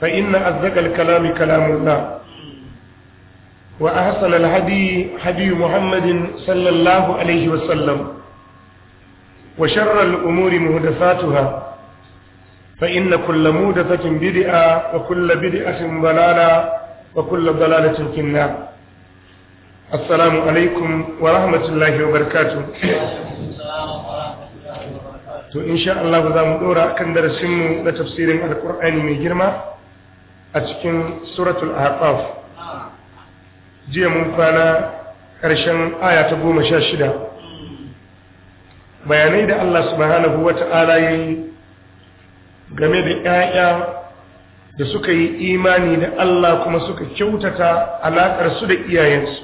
فإن أصدق الكلام كلام الله وأحسن الهدي هدي محمد صلى الله عليه وسلم وشر الأمور مهدفاتها فإن كل مهدفة بدئة وكل بدئة ضلالة وكل ضلالة في النار السلام عليكم ورحمة الله وبركاته to insha Allah za mu dora kan darasinmu na tafsirin alkur'ani mai girma a cikin suratul ahqaf jiya mun kwana ƙarshen aya ta goma sha shida bayanai da Allah subhanahu wa ta'ala ya yi game da ‘ya'ya da suka yi imani da Allah kuma suka kyautata alaƙarsu da iyayensu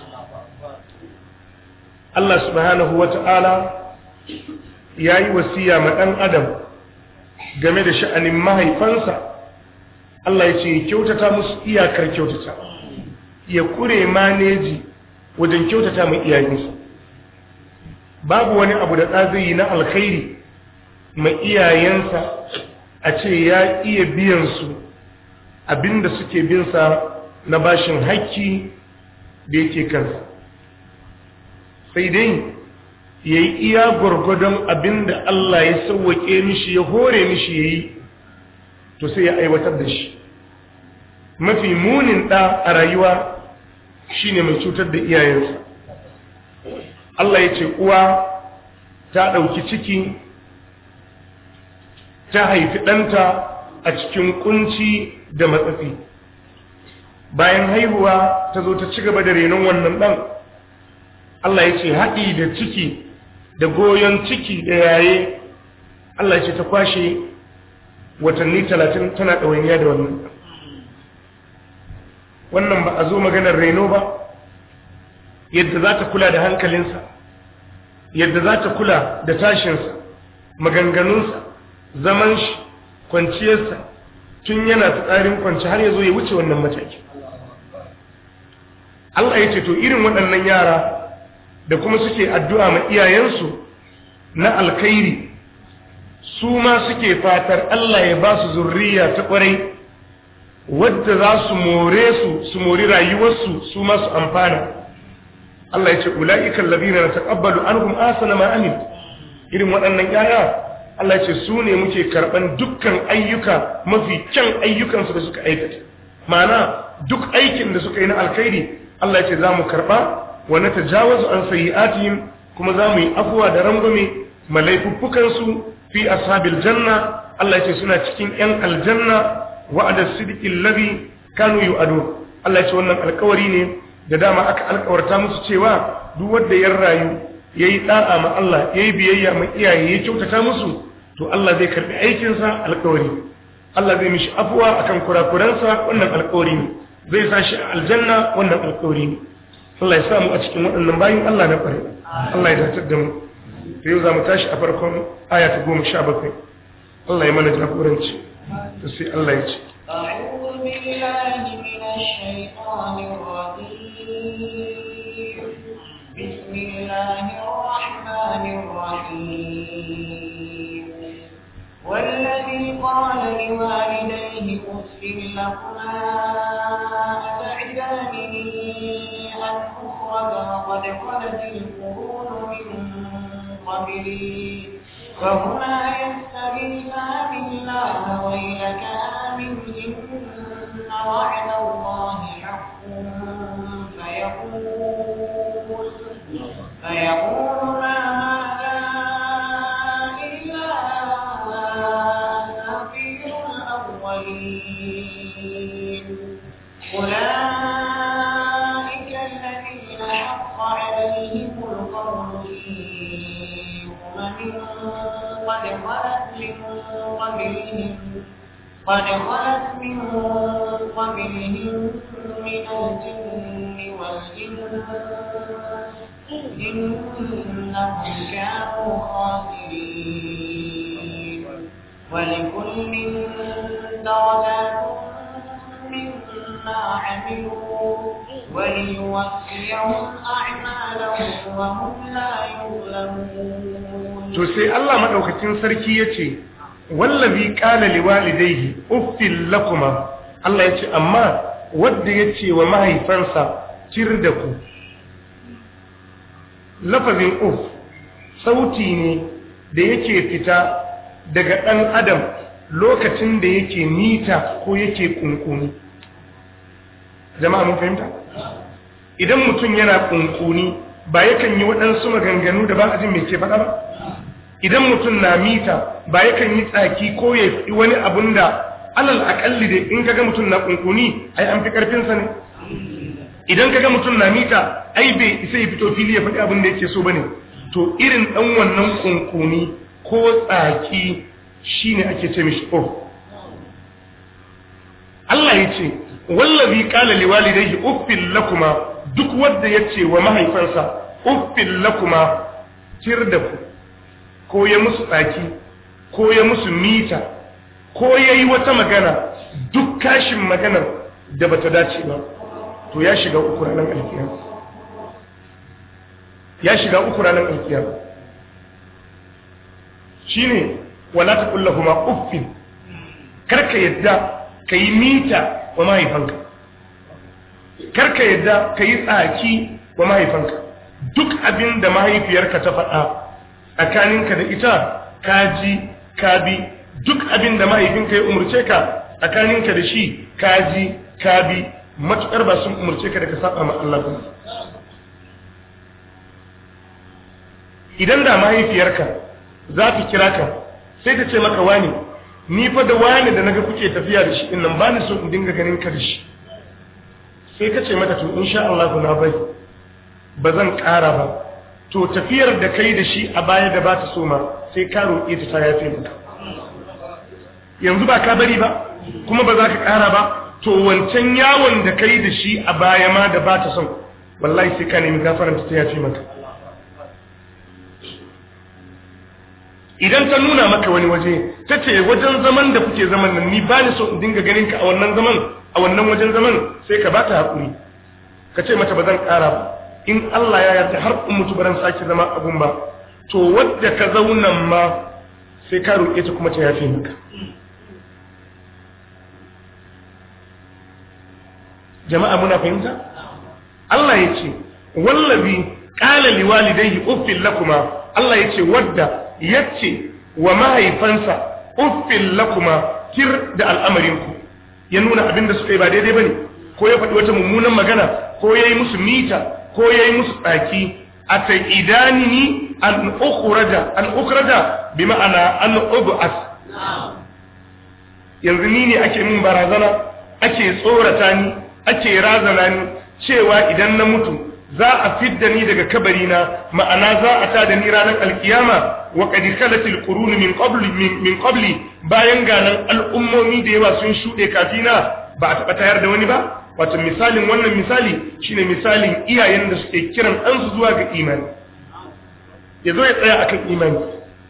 Allah subhanahu wa ta'ala ya yi wasiya ma ɗan adam game da sha'anin mahaifansa Allah ya ce kyautata musu iyakar kyautata ya kure maneji wajen kyautata mai iyayensu babu wani abu da tsazai na alkhairi mai iyayensa a ce ya iya biyan su abinda suke bin sa na bashin hakki da yake kansa sai dai ya yi iya gwargwadon abinda Allah ya sauwaƙe mishi ya hore mishi ya yi to sai ya aiwatar da shi mafi munin ɗa a rayuwa shine mai cutar da iyayensa Allah ya ce uwa ta ɗauki ciki ta haifi ɗanta a cikin ƙunci da matsafi bayan haihuwa ta zo ta ci gaba da renon wannan ɗan Allah ya ce haɗi da ciki da goyon ciki da yaye Allah ya ce ta kwashe watanni talatin tana ɗawainiya da wannan wannan ba a zo maganar reno ba yadda za ta kula da hankalinsa yadda za ta kula da tashinsa maganganunsa zaman shi kwanciyarsa tun yana tsarin kwanci har ya zo ya wuce wannan mataki Allah ya ce to irin waɗannan yara da kuma suke addu'a ma iyayensu na alkhairi su ma suke fatar Allah ya ba su zurriya ta ƙwarai, wadda za su more su su mori rayuwarsu su ma su amfana Allah ya ce ula'ikan labina na taƙabbalu an kuma asana ma'amin irin waɗannan yaya Allah ya ce su ne muke karɓan dukkan ayyuka mafi kyan ayyukansu da suka aikata ma'ana duk aikin da suka yi na alkhairi Allah ya ce za mu karɓa wa na tajawazu an sayi'atihim kuma za mu yi afuwa da rangwame malaifuffukansu fi ashabil janna Allah ya ce suna cikin yan aljanna wa'ada sidiki alladhi kanu yu'adu Allah ya ce wannan alkawari ne da dama aka alkawarta musu cewa duk wanda ya rayu yayi da'a ma Allah yayi biyayya ma iyaye ya kyautata musu to Allah zai karbi aikin sa alkawari Allah zai mishi afuwa akan kurakuransa wannan alkawari ne zai sa shi aljanna wannan alkawari ne Allah ya samu a cikin waɗannan bayin Allah na ƙware Allah ya dace da mu sai za mu tashi a farkon aya ta goma sha bakwai Allah ya mana jagoranci to sai Allah ya قبلي وهما يستغيثان الله ويلك آمن إن وعد الله قد خلت من قبلهم من الجن والإنس إنهم كانوا خاسرين ولكل درجات مما عملوا وليوفيهم أعمالهم وهم لا يظلمون to sai Allah madaukakin sarki yace wallazi qala liwalidayhi uffil lakuma Allah yace amma wanda yace wa mahaifansa cir da ku lafazin uff sauti ne da yake fita daga ɗan adam lokacin da yake nita ko yake kunkuni jama'a mun fahimta idan mutum yana kunkuni ba yakan yi waɗansu maganganu da ba a jin mai ke faɗa ba idan mutum na mita ba yakan yi tsaki ko ya fi wani abun da alal akalli da in kaga mutum na kunkuni ai an fi karfinsa ne idan kaga mutum na mita ai bai isa ya fito fili ya faɗi abin da yake so bane to irin dan wannan kunkuni ko tsaki shine ake ce mishi oh Allah ya ce wallazi qala dai uffil lakuma duk wanda yace wa mahaifansa uffil lakuma tir da ku ko ya musu tsaki ko ya musu mita ko ya yi wata magana duk kashin maganar da bata dace ba to ya shiga uku ranar alkiyar ya shiga uku ranar alkiyar shine wala ta kuma uffin karka yadda ka yi mita wa mahaifanka karka yadda ka yi tsaki wa mahaifanka duk abin da mahaifiyarka ta faɗa tsakaninka da ita ka ji ka bi duk abin da mahaifinka ya umarce ka tsakaninka da shi ka ji ka bi matuƙar ba sun umarce ka da ka saba ma Allah ba idan da mahaifiyarka za ta kira ka sai ta ce maka wani ni fa da wani da naga kuke tafiya da shi innan ba ni so in dinga ganin ka da shi sai ka ce mata to insha Allah na bai ba zan ƙara ba to tafiyar da kai da shi a baya da ba ta so ma sai ka roƙe ta ta yafe maka yanzu ba ka bari ba kuma ba za ka ƙara ba to wancan yawon da ka yi da shi a baya ma da ba ta son wallahi sai ka nemi gafaranta ta yafe maka idan ta nuna maka wani waje ta ce wajen zaman da kuke zaman nan ni ba ni so in dinga ganin ka a wannan zaman a wannan wajen zaman sai ka bata haƙuri ka ce mata ba zan ƙara ba in Allah ya yarda har in mutu baran sake zama abun ba to wadda ka zauna ma sai ka roƙe ta kuma ta yafe maka jama'a muna fahimta Allah ya ce wallazi qala liwalidayhi uffil lakuma Allah ya ce wadda yace wa mahaifansa uffil lakuma kir da al'amarinku ya nuna abin da suka yi ba daidai bane ko ya faɗi wata mummunan magana ko yayi musu mita ko yayi musu tsaki a ta an ukhraja an ukhraja bi ma'ana an ub'as yanzu ni ne ake min barazana ake tsorata ni ake razana ni cewa idan na mutu za a fidda ni daga kabarina ma'ana za a ta da ni ranar alkiyama wa qad khalat alqurun min qabli min qabli bayan ganan al'ummomi da yawa sun shude kafina ba a taba tayar da wani ba wato misalin wannan misali shine misalin iyayen da suke kiran ɗansu zuwa ga imani ya zo ya tsaya akan imani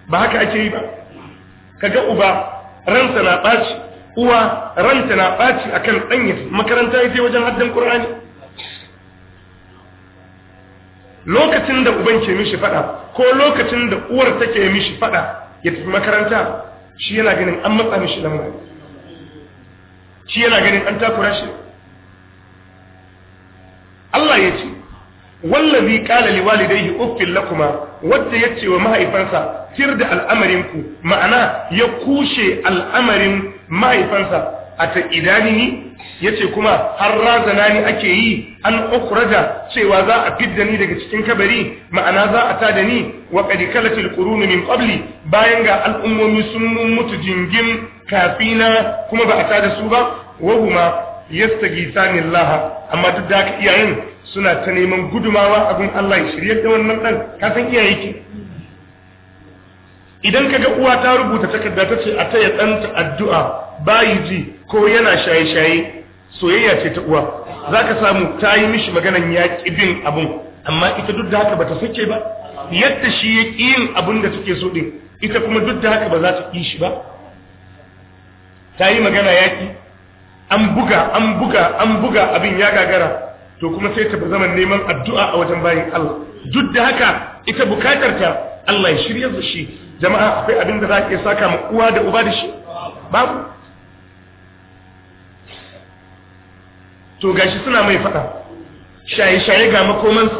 ba haka ake yi ba kaga uba ransa na ɓaci uwa ranta na ɓaci akan ɗanyar makaranta ya je wajen haddan ƙur'ani lokacin da uban ke mishi fada ko lokacin da uwar take mishi fada ya tafi makaranta shi yana ganin an matsa mishi lamar shi yana ganin an takura shi Allah ya ce wallazi qala liwalidayhi uffil lakuma wadda ya ce wa mahaifansa tir da al'amarinku ma'ana ya kushe al'amarin mahaifansa a ta idanini ya ce kuma har razana ni ake yi an ukuraja cewa za a fidda ni daga cikin kabari ma'ana za a tada ni wa kadikalatil qurunu min bayan ga al'ummomi sun mutu jingin kafina kuma ba a tada su ba wahuma ni laha amma duk da haka iyayen suna ta neman gudumawa abin Allah ya shirye da wannan dan ka san iyaye ke idan kaga uwa ta rubuta takarda ta ce a taya ɗanta addu'a bayi ji ko yana shaye-shaye soyayya ce ta uwa zaka samu ta yi mishi maganan ya bin abun amma ita duk da haka bata sace ba yadda shi ya ƙi abun da take so din ita kuma duk da haka ba za ta ƙi ba ta yi magana yaƙi an buga an buga an buga abin ya gagara to kuma sai ta zaman neman addu'a a wajen bayin Allah duk da haka ita bukatar ta Allah ya shirya da shi jama'a akwai abin da za ka saka ma uwa da uba da shi babu to gashi suna mai faɗa. shaye-shaye ga makomansa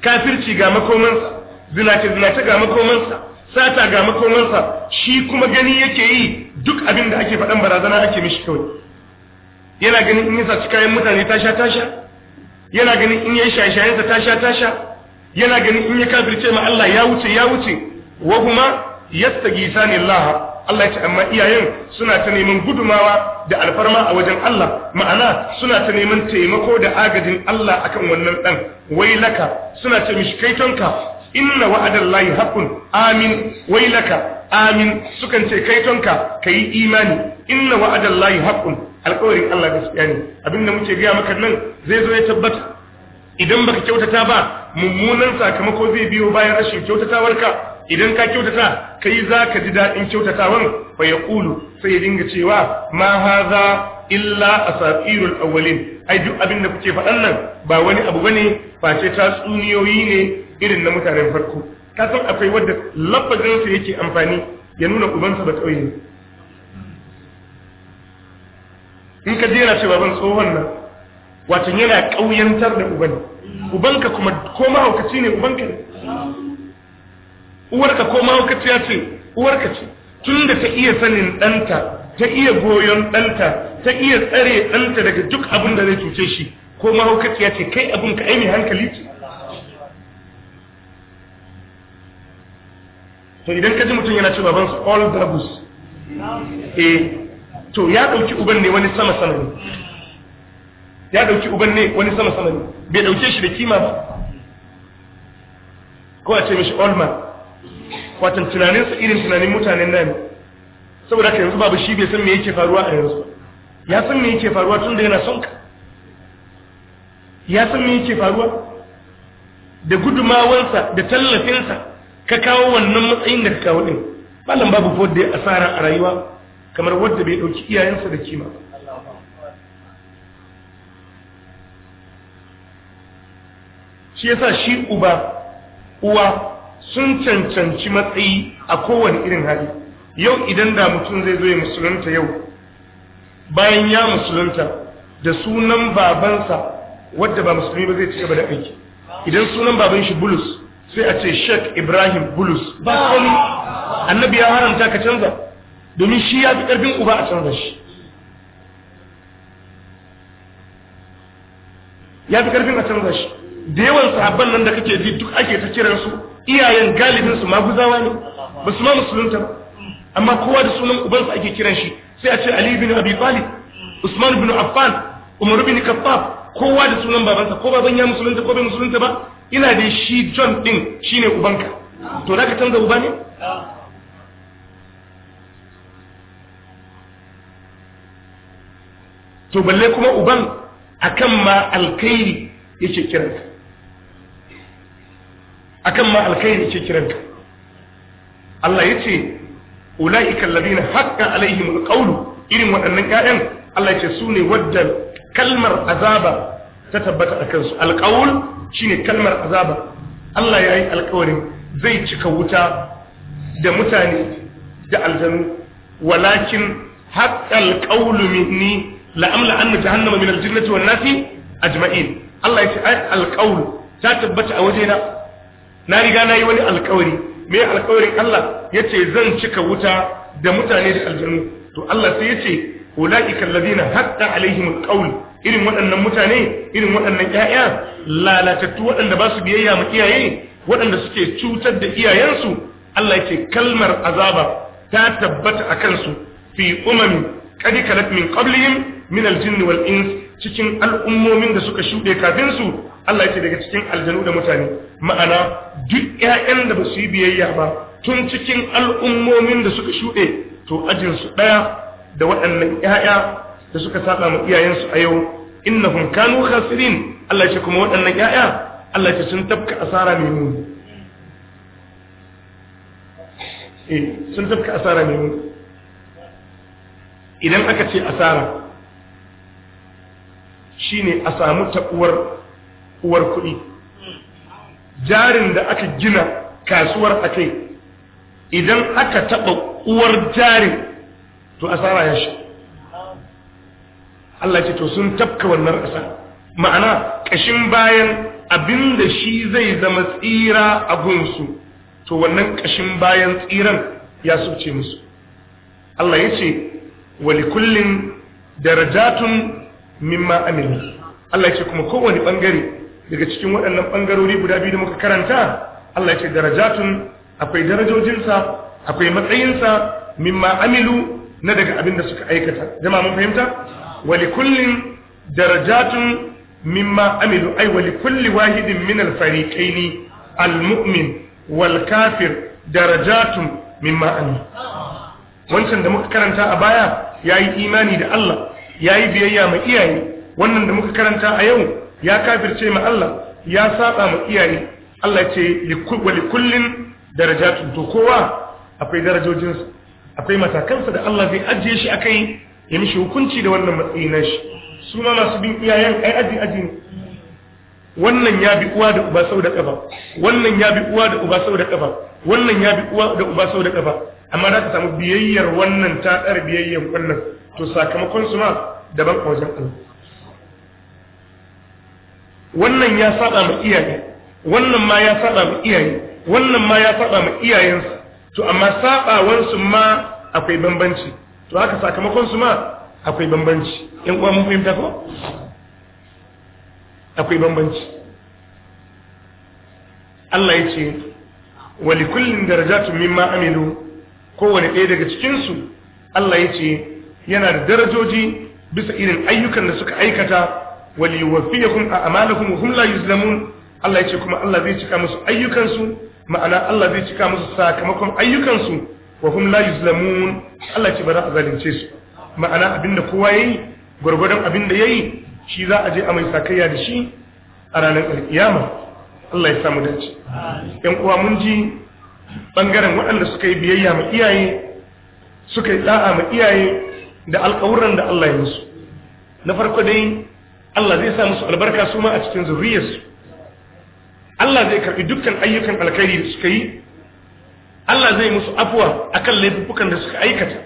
kafirci ga makomansa zinace-zinace ga makomansa sata ga makomansa shi kuma gani yake yi duk abin da ake faɗan barazana ake mishi kawai yana ganin in yi saci kayan mutane tasha-tasha yana ganin in yi shaye ta tasha tasha yana ganin in ya kafirce ma Allah ya wuce ya wuce wa kuma yastagisani Allah Allah ya ce amma iyayen suna ta neman gudumawa da alfarma a wajen Allah ma'ana suna ta neman taimako da agajin Allah akan wannan dan wailaka suna ce mishi tonka inna wa'adallahi haqqun amin wailaka amin sukan ce kaitonka kai imani inna lahi haqqun alƙawarin Allah gaskiya ne abin da muke gaya maka nan zai zo ya tabbata idan baka kyautata ba mummunan sakamako zai biyo bayan rashin kyautatawarka idan ka kyautata kai za ka ji daɗin kyautatawan fa ya ƙulu sai ya dinga cewa ma haza illa asatirul awwalin ai duk abin da kuke faɗan nan ba wani abu bane face ta tsuniyoyi ne irin na mutanen farko ka san akwai wadda lafazinsa yake amfani ya nuna ubansa ba ƙauye in ka jera cewa baban tsohon nan wato yana ƙauyantar da uban ubanka kuma ko mahaukaci ne ubanka ne uwarka ko mahaukaci ya ce uwarka ce tun da ta iya sanin ɗanta ta iya goyon ɗanta ta iya tsare ɗanta daga duk abin da zai cuce shi ko mahaukaci ya ce kai abin ka aini hankali ce to idan ka ji mutum yana ce babansu all drabus eh to ya dauki uban ne wani sama sama ne ya dauki uban ne wani sama sama ne bai dauke shi da kima ba ko a ce mishi olman watan tunaninsa irin tunanin mutanen nan saboda ka yanzu babu shi bai san me yake faruwa a yanzu ya san me yake faruwa tun da yana son ka ya san me yake faruwa da gudumawansa da tallafinsa ka kawo wannan matsayin da ka kawo din malam babu fodde asara a rayuwa kamar wadda bai ɗauki iyayensa da kima shi yasa shi uba uwa sun cancanci matsayi a kowane irin hali yau idan da mutum zai zo ya musulunta yau bayan ya musulunta da sunan babansa wadda ba musulmi ba zai ci gaba da aiki idan sunan baban shi bulus sai a ce sheik ibrahim bulus ba kwanu annabi ya haramta ka canza domin shi ya fi ƙarfin uba a canza shi ya fi ƙarfin a canza shi da yawan sahabban nan da kake ji duk ake ta kiransu iyayen galibin su maguzawa ne ba su ma musulunta ba amma kowa da sunan ubansa ake kiran shi sai a ce Ali bin Abi Talib Usman bin Affan Umar bin Khattab kowa da sunan babansa ko baban ya musulunta ko bai musulunta ba ina da shi John din shine ubanka to zaka canza uba ne to balle kuma uban akan ma alkhairi yake kiranka akan ma alkhairi yake kiranka Allah yace ulaika alladhina haqqa alaihim alqawlu irin waɗannan ƴaƴan Allah yace su ne wadda kalmar azaba ta tabbata a kansu alqawl shine kalmar azaba Allah ya yi zai cika wuta da mutane da aljanu walakin haƙƙal ƙaulu minni la'amla anna jahannama min aljinnati wan nasi ajma'in Allah yace ai alqawl ta tabbata a wajena na riga na yi wani alkawari me alkawarin Allah yace zan cika wuta da mutane da aljanu to Allah sai yace ulaika alladhina hatta alaihim alqawl irin waɗannan mutane irin waɗannan ƴaƴa lalatattu waɗanda ba su biyayya ma iyaye waɗanda suke cutar da iyayensu Allah ce kalmar azaba ta tabbata akan su fi umami kadi kalat min qablihim min aljinn wal ins cikin al'ummomin da suka shuɗe kafin su Allah yake daga cikin aljanu da mutane ma'ana duk ƴaƴan da ba su yi biyayya ba tun cikin al'ummomin da suka shuɗe to ajin su ɗaya da waɗannan ƴaƴa da suka saba ma iyayensu a yau innahum kanu khasirin Allah yake kuma waɗannan ƴaƴa Allah yake sun tafka asara mai muni eh sun tafka asara mai muni idan aka ce asara shine a samu taɓuwar uwar kuɗi jarin da aka gina kasuwar a kai idan aka taɓa uwar jarin to asara ya shi Allah ce to sun tafka wannan asara ma'ana ƙashin bayan abinda shi zai zama tsira a gunsu to wannan ƙashin bayan tsiran ya suce musu Allah ya ce walikullin darajatun mimma amilu Allah ya ce kuma kowane bangare daga cikin waɗannan bangarori guda biyu da muka karanta Allah ya ce darajatun akwai darajojinsa akwai matsayinsa mimma amilu na daga abin da suka aikata jama'a mun fahimta walikullin darajatun mimma amilu wali walikulli wahidin min al kaini almumin, wal kafir darajatun mimma amilu wancan da muka karanta a baya Ya yi imani da Allah ya yi biyayya ma iyaye wannan da muka karanta a yau ya kafirce ma Allah ya saba ma iyaye Allah ce li kullin darajatun to kowa akwai darajojinsa akwai matakansa da Allah zai ajiye shi akai ya mishi hukunci da wannan matsayi na shi su ma masu bin iyayen ai aji aji ne wannan ya bi uwa da uba sau da kafa wannan ya bi uwa da uba sau da kafa wannan ya bi uwa da uba sau da kafa amma za ka samu biyayyar wannan ta biyayyar wannan to sakamakon su ma daban a wajen Allah wannan ya saba ma iyaye wannan ma ya saba ma iyaye wannan ma ya saba ma iyayensa to amma wansu ma akwai bambanci to haka sakamakon su ma akwai bambanci yan uwa mun fahimta ko akwai bambanci Allah ya ce wa likullin darajatun mimma amilu kowane ɗaya daga cikinsu Allah ya ce yana da darajoji bisa irin ayyukan da suka aikata kun a amala wa hum layu yuzlamun Allah ya ce kuma Allah zai cika musu ayyukansu ma'ana Allah zai cika musu sakamakon ayyukansu wa layu Allah ya ce ba za a zalunce su ma'ana abin da kowa ya yi abin da ya yi shi za a je a mai sakayya da shi a ranar iyama Allah ya samu dace yan uwa mun ji bangaren waɗanda suka yi biyayya ma iyaye suka yi da'a ma iyaye da alƙawuran da Allah ya musu na farko dai Allah zai sa musu albarka su ma a cikin zuriyarsu Allah zai karɓi dukkan ayyukan alkhairi da suka yi Allah zai musu afuwa akan laifukan da suka aikata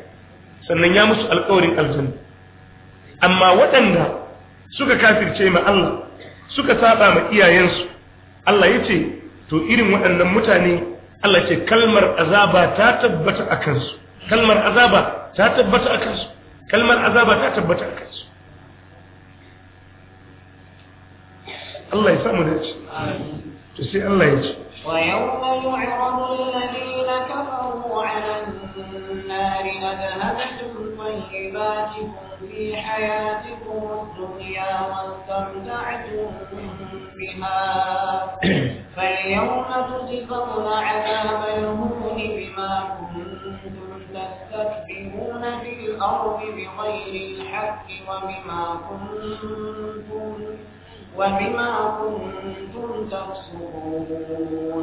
sannan ya musu alƙawarin aljanna amma waɗanda suka kafirce ma Allah suka saba ma iyayensu Allah ya ce to irin waɗannan mutane Allah ce kalmar azaba ta tabbata a kansu kalmar azaba ta tabbata a kansu kalmar azaba ta tabbata a kansu Allah ya samu da ce to sai Allah ya ce وَيَوْمَ يُعْرَضُ الَّذِينَ كَفَرُوا عَلَى النَّارِ أَذْهَبْتُمْ طَيِّبَاتِكُمْ فِي حَيَاتِكُمُ الدُّنْيَا وَاسْتَمْتَعْتُم بِهَا فَالْيَوْمَ تُجْزَوْنَ عَذَابَ الْهُونِ بِمَا كُنتُمْ تستكبرون في الأرض بغير الحق وبما كنتم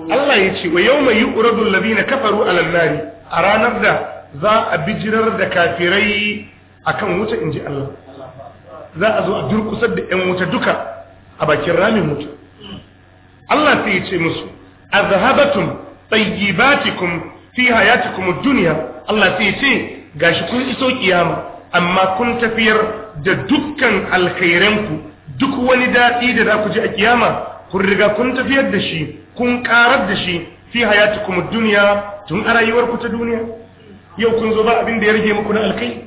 Allah ya ce wa yau mai yi ƙuradun labi na kafaru alallari a ranar da za a bijirar da kafirai a kan wuta in ji Allah za a zo a durkusar da ‘yan wuta duka a bakin ramin wuta Allah sai ya ce musu a zahabatun tsayyibatikum fi hayatikum duniya Allah sai ya ce gashi kun iso kiyama amma kun tafiyar da dukkan alkhairanku duk wani daɗi da za ku ji a kiyama kun riga kun tafiyar da shi kun karar da shi fi hayatukum ad-dunya tun a rayuwar ku ta duniya yau kun zo ba abin da ya rage muku na alkai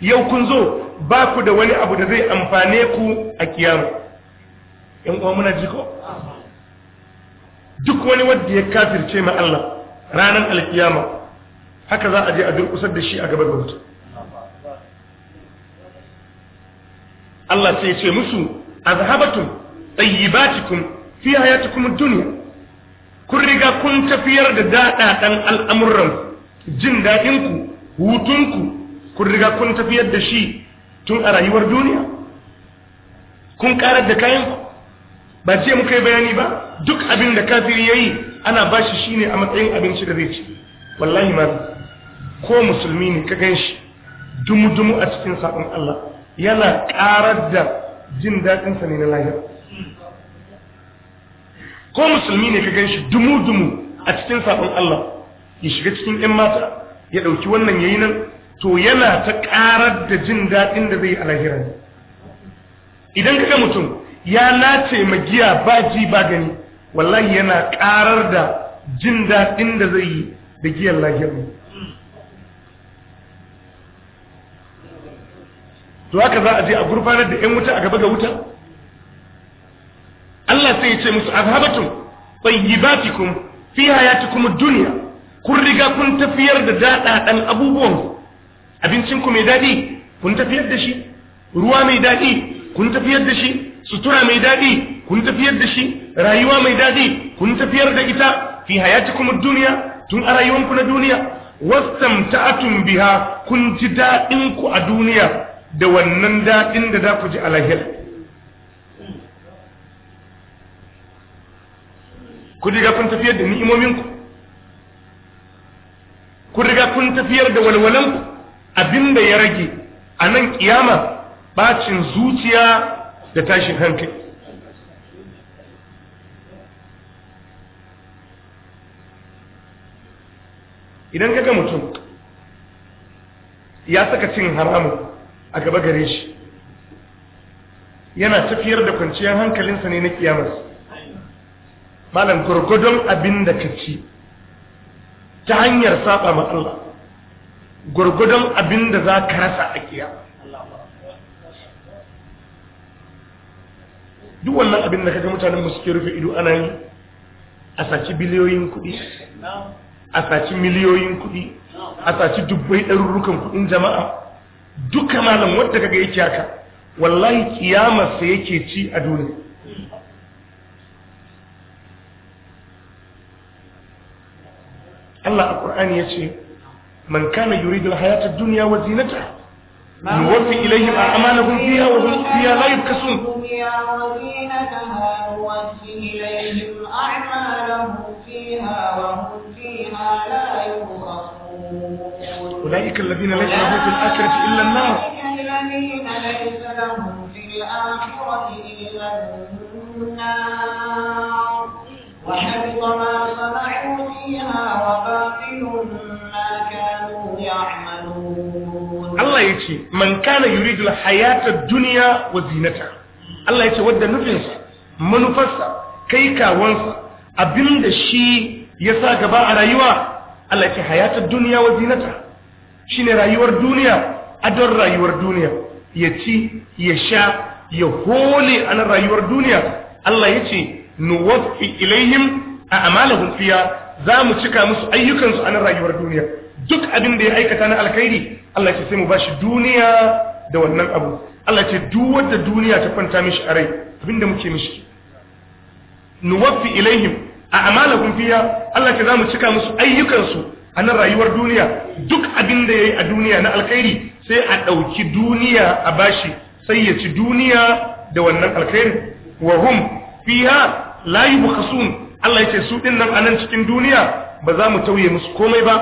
yau kun zo ba ku da wani abu da zai amfane ku a kiyama in muna jiko duk wani wanda ya kafirce ma Allah ranar alkiyama haka za a je a durƙusar da shi a gaban mutum Allah sai ya ce musu azhabatum tayyibatikum fi hayatikum dunya kun riga kun tafiyar da dadadan al'amuran jin dadin ku hutun ku kun riga kun tafiyar da shi tun a rayuwar duniya kun karar da kayan ku ba ce muka yi bayani ba duk abin da kafiri yayi ana bashi shine a matsayin abinci da zai ci wallahi ma ko musulmi ne ka ganshi dumu dumu a cikin sabon Allah yana ƙarar da jin daɗinsa ne na lahira ko musulmi ne ka ganshi dumu-dumu a cikin sabon Allah ya shiga cikin 'yan mata ya ɗauki wannan yayi nan to yana ta ƙarar da jin daɗin da zai a lahira ne idan ka ga mutum ya nace magiya ba ji ba gani wallahi yana ƙarar da jin daɗin da zai yi da giyan lahira ne to haka za a je a gurfanar da yan wuta a gaba ga wuta Allah sai ya ce musu azhabatum tayyibatikum fi hayatikum dunya kun riga kun tafiyar da dadadan abubuwan abincin ku mai dadi kun tafiyar da shi ruwa mai dadi kun tafiyar da shi sutura mai dadi kun tafiyar da shi rayuwa mai dadi kun tafiyar da ita fi hayatikum dunya tun a rayuwanku na duniya wastamta'atum biha kun ji dadin ku a duniya da wannan daɗin da za ku ji a lahira ku riga kun tafiyar da ni'imominku ku riga kun tafiyar da walwalanku abinda ya rage a nan kiyama bacin zuciya da tashin hankali idan kaga mutum ya saka cin haramun a gaba gare shi yana tafiyar da kwanciyar hankalinsa ne na kiyamar malam gurgudun abin da ka ci ta hanyar saba ma Allah gurgudun abin da za ka rasa a kiyama duk wannan abin da kaga mutanen musu suke rufe ido ana yi a saci biliyoyin kuɗi a saci miliyoyin kuɗi a saci dubbai ɗarurrukan kuɗin jama'a duka malam wadda kaga yake haka wallahi kiyamarsa yake ci a duniya Allah a Qur'ani yace man kana yuridu al-hayata ad-dunya wa zinataha yuwaffi ilayhim a'malahum fiha wa hum fiha la yubkasun يوفي إليهم أعمالهم فيها وهم فيها لا يبغون أولئك الذين ليس لهم في الآخرة إلا النار وحبط ما صنعوا فيها وباطل ما كانوا يعملون الله يتي من كان يريد الحياة الدنيا وزينتها Allah ya ce wadda nufinsa manufarsa kai kawansa abinda shi ya sa gaba a rayuwa Allah ya ce hayatar duniya wa zinata shine rayuwar duniya adon rayuwar duniya ya ci ya sha ya hole a nan rayuwar duniya Allah ya ce nuwafi ilayhim a amalahum fiya za mu cika musu ayyukansu a nan rayuwar duniya duk abin da ya aikata na alkhairi Allah ya ce sai mu bashi duniya da wannan abu Allah ya ce duk wanda duniya ta kwanta mishi a rai abinda muke mishi nuwafi ilayhim a amalahum fiya Allah ya ce za mu cika musu ayyukansu a nan rayuwar duniya duk abin da ya yi a duniya na alkhairi sai a ɗauki duniya a bashi sai ya ci duniya da wannan alkhairi wa hum fiha la yubkhasun Allah ce su din nan anan cikin duniya ba za mu tauye musu komai ba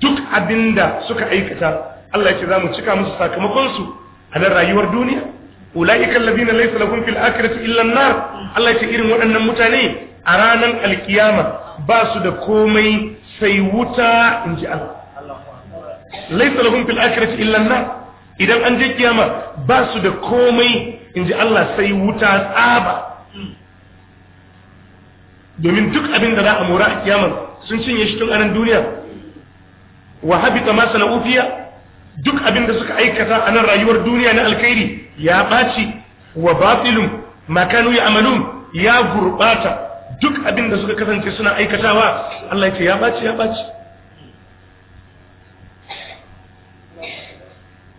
duk abin da suka aikata Allah ce za mu cika musu sakamakonsu a nan rayuwar duniya ulaika alladhina laysa lahum fil akhirati illa an-nar Allah ce irin waɗannan mutane a ranar alkiyama ba su da komai sai wuta in ji Allah laisa lahum fil akhirati illa idan an je kiyama ba su da komai in ji Allah sai wuta tsaba domin duk abin da za a mora a kiyama sun cinye shi tun anan duniya wa habita ma duk abin da suka aikata a nan rayuwar duniya na alkhairi ya ɓaci wa bafilun makanu ya amalun ya gurɓata duk abin da suka kasance suna aikatawa Allah ya ce ya baci ya baci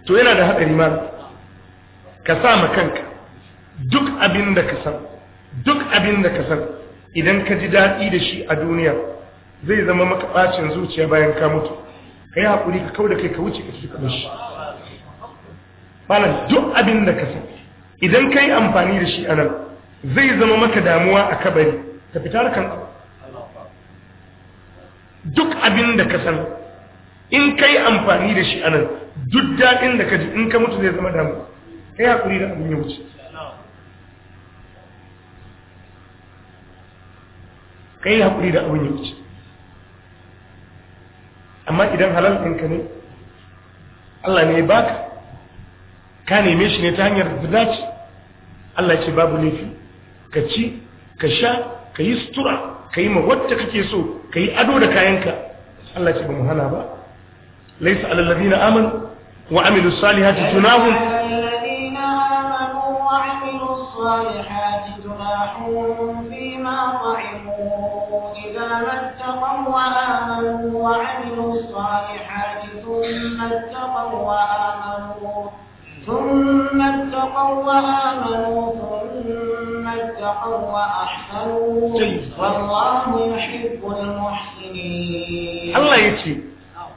to yana da haɗari ma ka sa ma kanka duk abin da ka san duk abin da ka san idan ka ji daɗi da shi a duniya zai zama maka ɓacin zuciya bayan ka mutu ka yi haƙuri ka kau da kai ka wuce ka fi kuma shi malam duk abin da ka san idan ka yi amfani da shi a nan zai zama maka damuwa a kabari ka fita harkar abu duk abin da ka san in kai amfani da shi anan duk daɗin da ka ji in ka mutu zai zama damu kai hakuri da abin ya wuce kai hakuri da abin ya wuce amma idan halal ɗinka ne Allah ne ya baka ka neme shi ne ta hanyar da dace Allah ce babu laifi ka ci ka sha ka yi sutura ka yi ma wacce kake so ka yi ado da kayanka Allah ce ba mu hana ba laisa alal ladina amanu wa amilu salihati junahum ثم اتقوا وآمنوا ثم Allah وأحسنوا والله يحب المحسنين الله يتي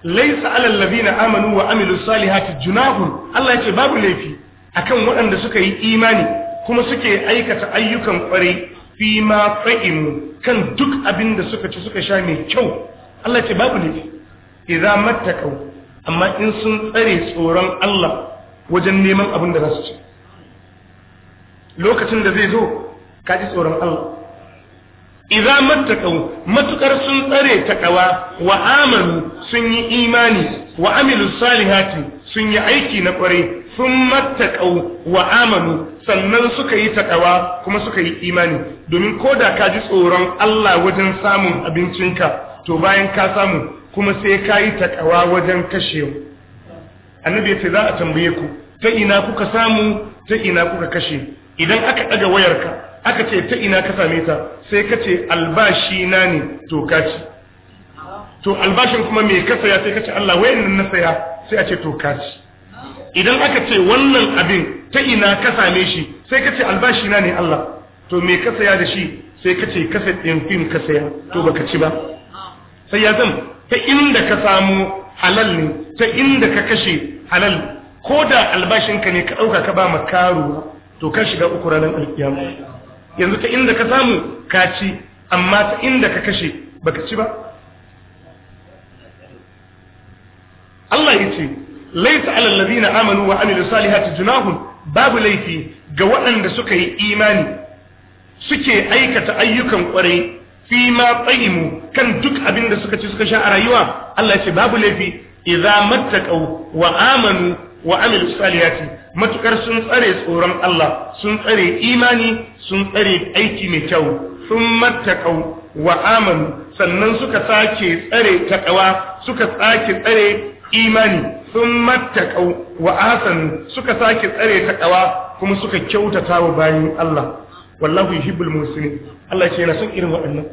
ليس على الذين آمنوا وعملوا الصالحات جناح الله يتي باب ليفي akan waɗanda suka yi imani kuma suke aikata ayyukan kwarai fi ma fa'imu kan duk abin da suka ci suka sha mai kyau Allah ce babu ne idza mattaqu amma in sun tsare tsoron Allah wajen neman abin da za su ci lokacin da zai zo ka ji tsoron Allah idza mattaqu matukar sun tsare takawa wa amanu sun yi imani wa amilu salihati sun yi aiki na kwarai sun mattaqu wa amanu sannan suka yi takawa kuma suka yi imani domin koda ka ji tsoron Allah wajen samun abincinka to bayan ka samu kuma sai ka yi takawa wajen kashewa annabi ya ce za a tambaye ku ta ina kuka samu ta ina kuka kashe idan aka ɗaga wayarka aka ce ta ina ka same ta sai ka ce albashi na ne to ka ci to albashin kuma me ka saya sai ka ce Allah wayannan na saya sai a ce to ka ci idan aka ce wannan abin ta ina ka same shi sai ka ce albashi na ne Allah to me ka saya da shi sai ka ce kasa ɗin fim ka saya to baka ci ba sai ya zan ta inda ka samu halal ne ta inda ka kashe halal ko da albashinka ne ka ɗauka ka ba makaru to ka shiga uku ranar alkiyama yanzu ta inda ka samu ka ci amma ta inda ka kashe baka ci ba Allah ya ce laisa alal ladina amanu wa amilu salihati junahun babu laifi ga waɗanda suka yi imani suke aikata ayyukan kwarai fi ma tsayimu kan duk abin da suka ci suka sha a rayuwa Allah ya ce babu laifi idza mattaqau wa amanu wa amilu salihati matukar sun tsare tsoron Allah sun tsare imani sun tsare aiki mai kyau sun mattaqau wa amanu sannan suka sake tsare takawa suka sake tsare imani sun mattaqau wa asanu suka sake tsare takawa kuma suka kyautata wa bayin Allah wallahu yuhibbul muslimin Allah ce yana son irin waɗannan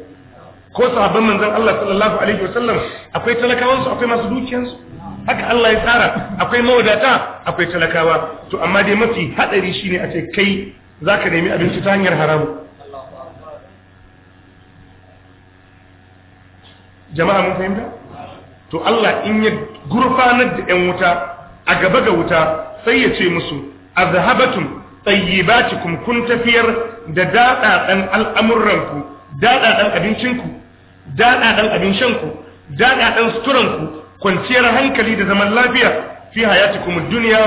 ko sahabban manzon Allah sallallahu alaihi wasallam akwai talakawansu akwai masu dukiyansu haka Allah ya tsara akwai mawadata akwai talakawa to amma dai mafi hadari shine a ce kai zaka nemi abinci ta hanyar haramu jama'a mun fahimta to Allah in ya gurfanar da yan wuta a gaba ga wuta sai ya ce musu azhabatum tayyibatikum kun tafiyar da dadadan al'amuranku dadadan abincinku dadadan abin shanku dadadan suturanku kwanciyar hankali da zaman lafiya fi hayatikum dunya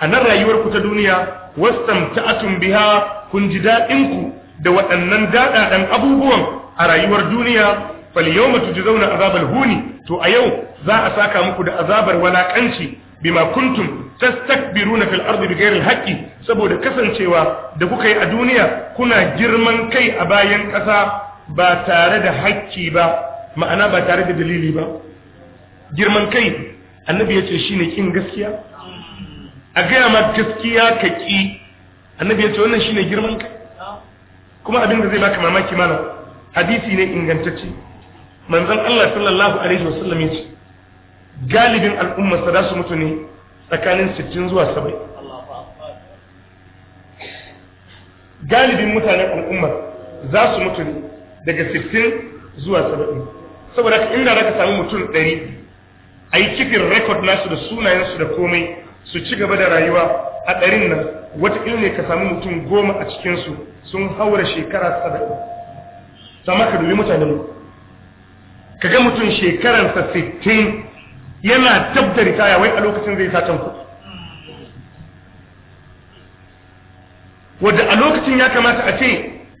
a nan rayuwarku ta duniya wastamta'atum biha kun ji daɗin ku da waɗannan daɗaɗan abubuwan a rayuwar duniya fal yawma tujzauna azabal huni to a yau za a saka muku da azabar walakanci bima kuntum tastakbiruna fil ardi bighayri al haqqi saboda kasancewa da kuka yi a duniya kuna girman kai a bayan ƙasa ba tare da haƙƙi ba ma'ana ba tare da dalili ba girman kai annabi ya ce shi ne kin gaskiya a gaya ma gaskiya ka ki annabi ya ce wannan shi ne girman kai kuma abin da zai baka mamaki mana. hadisi ne ingantacce manzan Allah sallallahu alaihi wasallam ya ce galibin al'umma za su mutu ne tsakanin sittin zuwa saba'i. galibin mutanen al'ummar za su mutu ne daga sittin zuwa saba'i saboda inda ka samu mutum ɗari a yi kifin rekod nasu da sunayensu da komai su ci gaba da rayuwa a ɗarin nan wataƙil ne ka sami mutum goma a cikinsu sun haura shekara saba'in sama ka dubi mutanenmu ka ga mutum shekaransa sittin yana tab da ritaya wai a lokacin zai satan kuɗi wadda a lokacin ya kamata a ce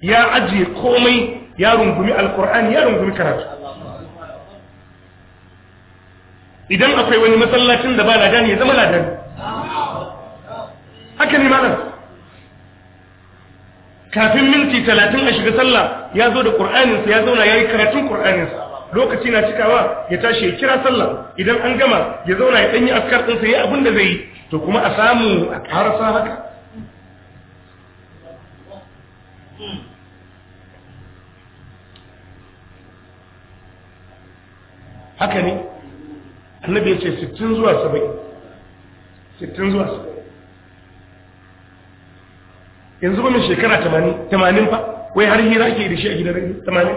ya ajiye komai ya rungumi alkur'ani ya rungumi karatu idan akwai wani masallacin da ba ladani ya zama ladani haka ne malam kafin minti talatin a shiga sallah ya zo da ƙur'aninsa ya zauna ya yi karatun ƙur'aninsa lokaci na cikawa ya tashi ya kira sallah idan an gama ya zauna ya ɗanyi askar ɗinsa ya abin da zai yi to kuma a samu a ƙarasa haka haka ne annabi ya ce 60 zuwa 70 sittin zuwa 70 yanzu ba mai shekara 80 fa wai har hira ke da shi a gidan rediyo 80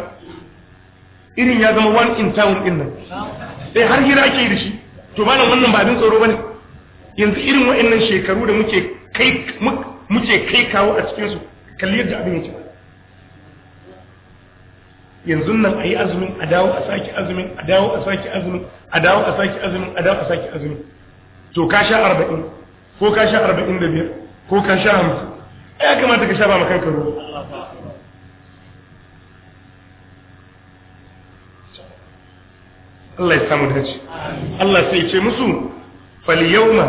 irin ya zama one in town din nan sai har hira ke da shi to malam wannan ba abin tsoro bane yanzu irin wa'annan shekaru da muke kai muke kai kawo a cikin su kalli yadda abin yake yanzu nan a yi azumin a dawo a sake azumin a dawo a sake azumin a dawo a sake azumin a dawo a sake azumin to ka sha arba'in ko ka sha arba'in da biyar ko ka sha hamsin ya kamata ka sha ba makanka ruwa Allah ya samu dace Allah sai ya ce musu falyauma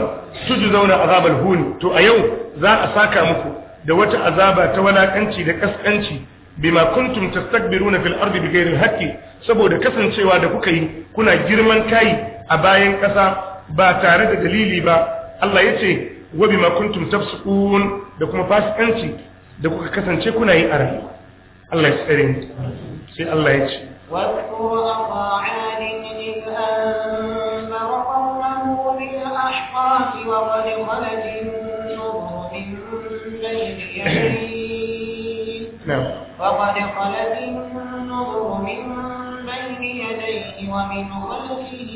tujzauna azabal hun to a yau za a saka muku da wata azaba ta walakanci da kaskanci bima kuntum tastakbiruna fil ardi bighairi alhaqqi saboda kasancewa da kuka yi kuna girman kai a bayan kasa ba tare da dalili ba Allah yace wa bima kuntum tafsukun da kuma fasikanci da kuka kasance kuna yi a rayuwa Allah ya tsare sai Allah yace واذكر أخا عالم إذ قومه بالأحقاف وقد خلت النظر من بين يديه فقد خلت النظر من بين يديه ومن خلفه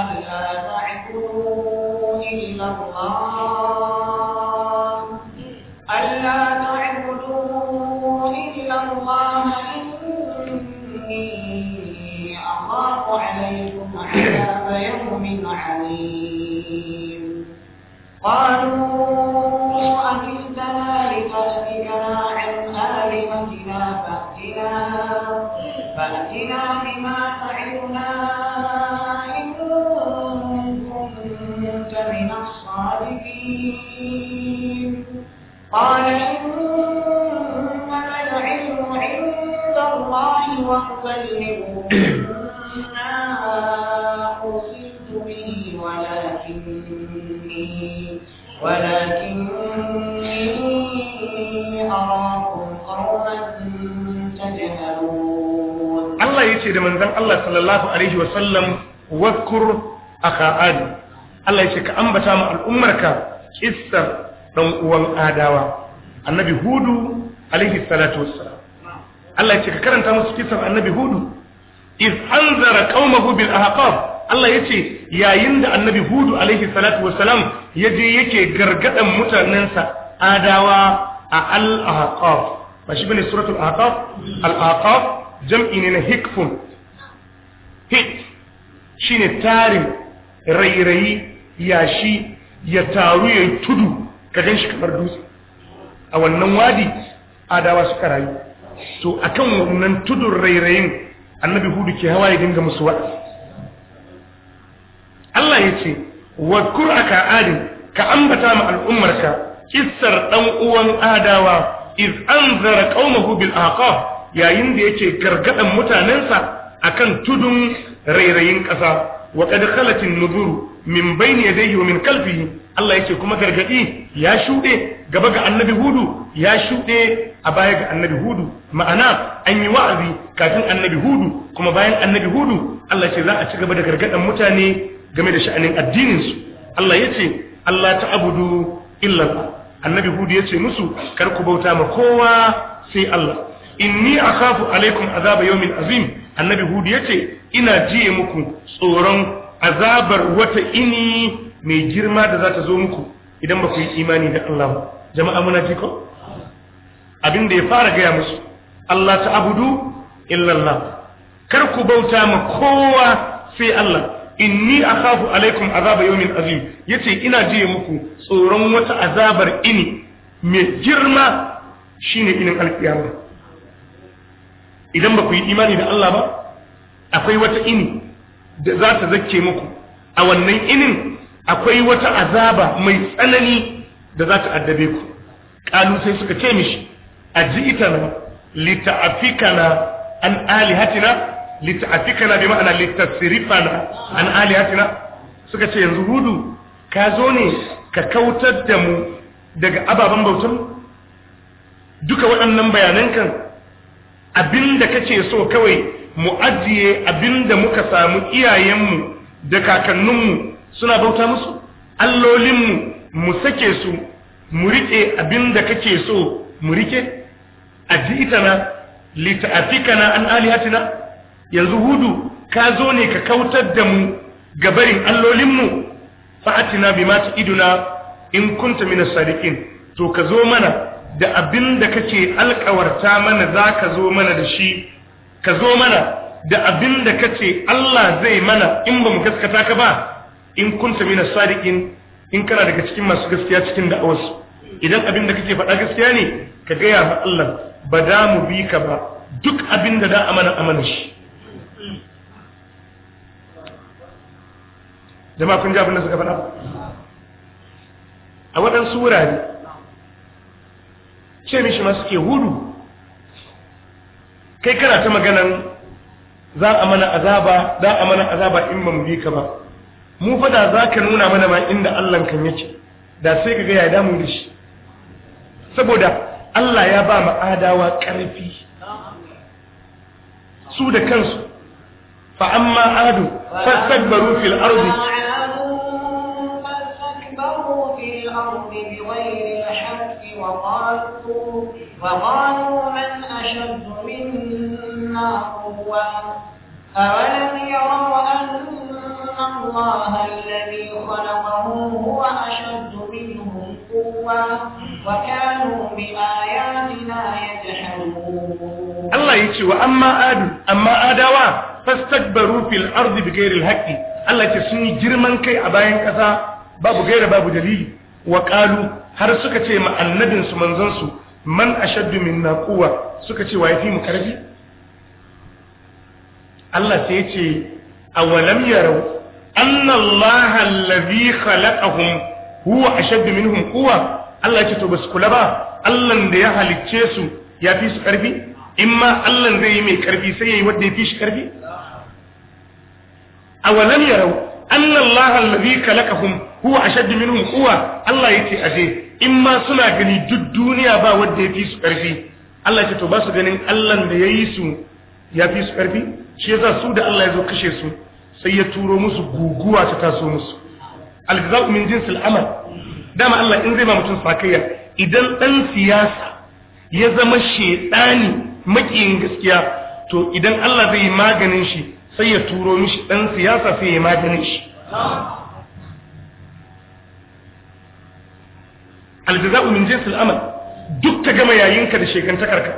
ألا تعبدوا إلا الله ألا تعبدوا إلا الله إني أخاف عليكم عذاب يوم عليم قالوا أكيد السماء قصدنا عن آلهتنا فأتنا فأتنا بما تعدنا إن كنت من الصادقين قال إنما العلم عند الله وأبلغكم ما أرسلت به ولكني ولكني ce da manzan Allah sallallahu alaihi wasallam wakur a ka'adu. Allah ya ce ka ambata ma al'ummarka kissar dan uwan adawa annabi hudu alaihi salatu wassalam Allah ce ka karanta musu kissar annabi hudu Isan zara qaumahu bil ahqab Allah ya ce yayin da annabi hudu alaihi salatu ya je yake gargadan mutanensa adawa a al ahqab ba shi bane suratul ahqaf al ahqaf jam'i ne na hikfun hik shine tarin rairayi yashi ya taru ya tudu ka gan shi kamar dutse a wannan wadi adawa suka rayu to akan wannan tudun rairayin annabi hudu ke hawa ya dinga musu wa'azi Allah ya ce wa a adin ka ambata ma al'ummarka kissar dan uwan adawa iz anzara qaumahu bil aqab yayin da yake gargadan mutanensa akan tudun rairayin ƙasa wa qad khalatin nuzuru min bayni yadayhi wa min khalfihi Allah yake kuma gargadi ya shude gaba ga annabi hudu ya shude a baya ga annabi hudu ma'ana an yi wa'azi kafin annabi hudu kuma bayan annabi hudu Allah ce za a ci gaba da gargadan mutane game da sha'anin addinin su Allah yace Allah ta'budu illa annabi hudu yake musu kar ku bauta ma kowa sai Allah inni akhafu alaikum azaba yawmin azim annabi hud yace ina jiye muku tsoron azabar wata ini mai girma da zata zo muku idan ba ku yi imani da Allah ba jama'a muna ko abin da ya fara gaya musu Allah ta abudu illallah kar ku bauta ma kowa sai Allah inni akhafu alaikum azaba yawmin azim yace ina jiye muku tsoron wata azabar ini mai girma shine inin alkiyama idan ba ku yi imani da Allah ba akwai wata ini da za ta zake muku a wannan inin akwai wata azaba mai tsanani da za ta addabe ku kalu sai suka ce mishi na lita'afikana an alihatina lita'afikana bi ma'ana litasrifana an alihatina suka ce yanzu hudu ka zo ne ka kautar da mu daga ababen bautar duka waɗannan bayanan kan abinda kace so kawai mu ajiye abinda muka samu iyayenmu da kakanninmu suna bauta musu allolinmu mu sake su mu rike abinda kake so mu rike ajitana lita'afikana an alihatina yanzu hudu ka zo ne ka kautar da mu gabarin allolinmu fa'atina bima iduna in kunta minas sadiqin to ka zo mana da abin da kace alkawarta mana za ka zo mana da shi ka zo mana da abin da kace Allah zai mana in ba mu gaskata ka ba in kunta mina sadiqin in kana daga cikin masu gaskiya cikin awasu idan abin da kake faɗa gaskiya ne ka gaya ma Allah ba da mu bi ka ba duk abin da da amana amana shi jama'a kun ji abin da suka faɗa a waɗansu wurare ce mishi masu suke hudu kai kana ta maganan za a mana azaba za a mana azaba in ba mu bi ka ba mu fada za ka nuna mana ma inda Allah kan ce, da sai ka gaya da damu da shi saboda Allah ya ba mu adawa ƙarfi su da kansu fa amma adu fastakbaru fil ardi ardi bi ghairi al-haqq وقالوا, وقالوا من أشد منا قوة أولم يروا أن الله الذي خلقهم هو أشد منهم قوة وكانوا بآياتنا يجحدون الله يتي وأما آدم أما آدوا فاستكبروا في الأرض بغير الحق الله تسمي sun yi girman kai بابو bayan babu gaira babu dalili Waƙalu har suka ce ma annabin su manzon su man ashaddu minna quwwa suka ce wa yafi mu karfi Allah sai ya ce awalam yarau anna Allah allazi khalaqahum huwa ashaddu minhum quwwa Allah ya ce to basu kula ba Allah da ya halicce su ya fi su karfi in ma Allah zai yi mai karfi sai yayi wanda ya fi shi karfi awalam yarau anna Allah allazi khalaqahum huwa ashaddu minhum quwwa Allah yace aje in ma suna gani duk duniya ba wanda yafi su karfi Allah yace to ba su ganin Allah da yayi su yafi su karfi shi yasa su da Allah yazo kashe su sai ya turo musu guguwa ta taso musu aljaza'u min jinsil amal dama Allah in zai ba mutum sakayya idan dan siyasa ya zama shedani makiyin gaskiya to idan Allah zai maganin shi sai ya turo mishi dan siyasa sai ya maganin shi aljaza'u min jinsil amal duk ka gama yayinka da shekantakarka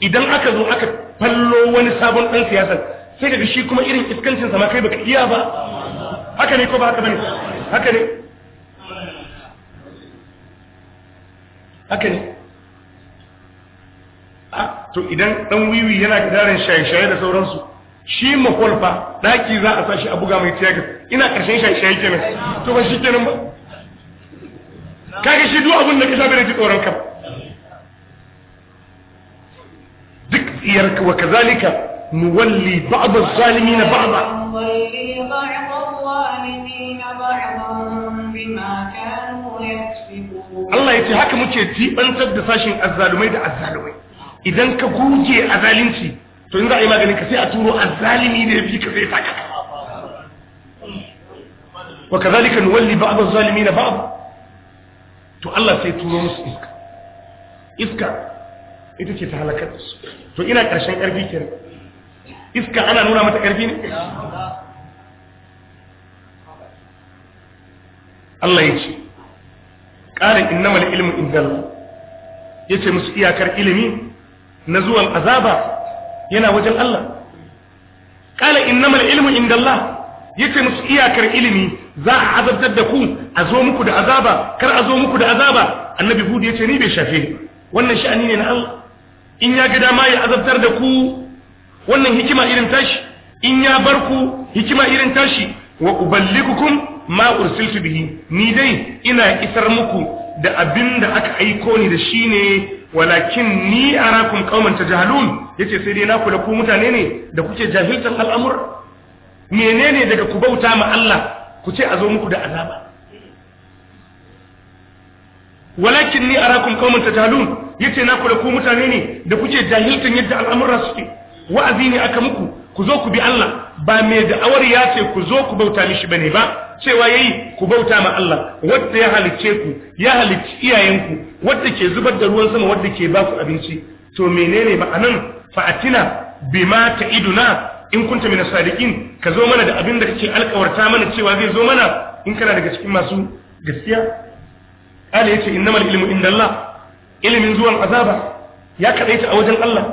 idan aka zo aka fallo wani sabon dan siyasa sai kaga shi kuma irin iskancin sa ma kai baka iya ba haka ne ko ba haka bane haka ne haka ne a to idan dan wiwi yana gidaran shaye-shaye da sauransu shi makwalfa daki za a sa shi a buga mai tiyaga ina karshen shaye-shaye kenan to ba shi kenan ba kaga shi duk abin da ka sha bai ji tsoron ka duk tsiyar wa kazalika nuwalli ba'd az-zalimin ba'd Allah ya ce haka muke jibantar da sashin azzalumai da azzalumai idan ka guje azalinci to in za a yi maganin ka sai a turo azzalimi da ya fi ka sai saka wa kazalika nuwalli ba'd az-zalimin ba'd to Allah sai turo musu iska iska ita ce ta halakar su to ina ƙarshen ƙarfi ke iska ana nuna mata ƙarfi ne Allah ya ce ƙarin da ilimin indalla ya ce musu iyakar ilimi na zuwan azaba yana wajen Allah ƙala da ilimin indalla ya ce musu iyakar ilimi za a azabtar da ku a zo muku da azaba kar a zo muku da azaba annabi hud ya ce ni bai shafe wannan sha'ani ne na Allah in ya ga dama ya azabtar da ku wannan hikima irin tashi in ya bar ku hikima irin tashi wa uballigukum ma ursiltu bihi ni dai ina isar muku da abin da aka aiko ni da shi ne walakin ni arakum qauman tajhalun yace sai dai na kula ku mutane ne da kuke jahiltan al'amur menene daga ku bauta ma Allah ku ce a zo muku da azaba walakin ni arakum qauman tatalun yace na kula ku mutane ne da kuke jahiltan yadda al'amuran suke wa'azi ne aka muku ku zo ku bi Allah ba mai da'awar ya ce ku zo ku bauta mishi bane ba cewa yayi ku bauta ma Allah wanda ya halicce ku ya halicci iyayenku wanda ke zubar da ruwan sama wanda ke ba ku abinci to menene ma'anan fa'atina bima ta'iduna in kunta mina sadiqin ka zo mana da abin da kake alƙawarta mana cewa zai zo mana in kana daga cikin masu gaskiya Allah yace innamal ilmu indallah ilimin zuwan azaba ya kadaita a wajen Allah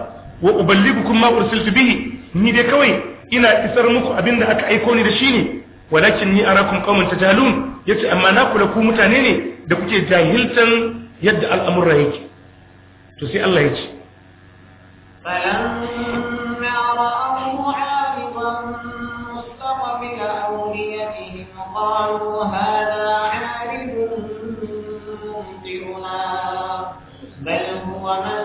wa uballigukum ma ursiltu bihi ni dai kawai ina isar muku abin da aka aiko ni da shi ne walakin ni arakum qauman tajalun yace amma na kula ku mutane ne da kuke jahiltan yadda al'amurra yake to sai Allah yace رأوه عارضا مستقبل أوليتهم قالوا هذا عارض ممطرنا بل هو ما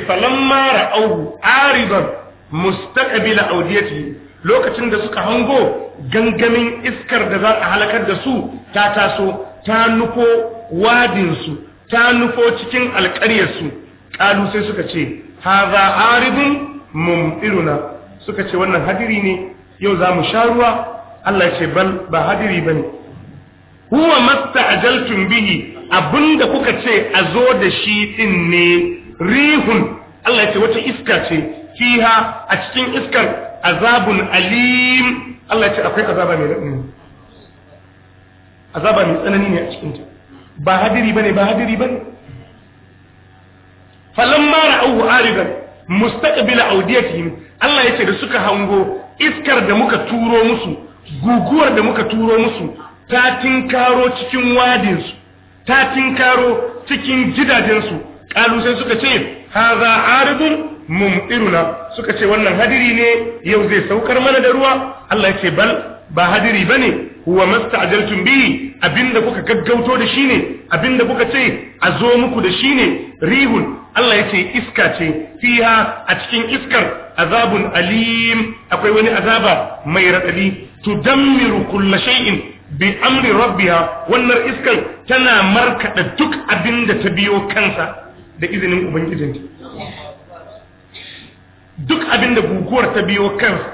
ce falamma ra'auhu ariban mustaqbila audiyati lokacin da suka hango gangamin iskar da za a halakar da su ta taso ta nufo wadin ta nufo cikin alƙaryar ƙalu sai suka ce hadha aribun mumtiruna suka ce wannan hadiri ne yau za mu sha ruwa Allah ce bal ba hadiri bane huwa masta'jaltum bihi abinda kuka ce a zo da shi ɗin ne rihun Allah ya ce wata iska ce fiha a cikin iskar azabun alim Allah ya ce akwai azaba mai raɗin azaba mai tsanani ne a cikin ta ba hadiri bane ba hadiri bane falamma ra'ahu aridan mustaqbila audiyatihim Allah ya ce da suka hango iskar da muka turo musu guguwar da muka turo musu ta tinkaro cikin su ta tinkaro cikin su Kalusai sai suka ce haza aridun mumtiruna suka ce wannan hadiri ne yau zai saukar mana da ruwa Allah ya ce bal ba hadiri bane huwa masta'jaltum biri? abinda kuka gaggauto da shi ne abinda kuka ce a zo muku da shi ne rihun Allah ya ce iska ce fiha a cikin iskar azabun alim akwai wani azaba mai raɗaɗi tudammiru kulla shay'in bi amri rabbiha wannan iskar tana markaɗa duk abinda ta biyo kansa da izinin ubangijinta duk abin da guguwar ta biyo kansa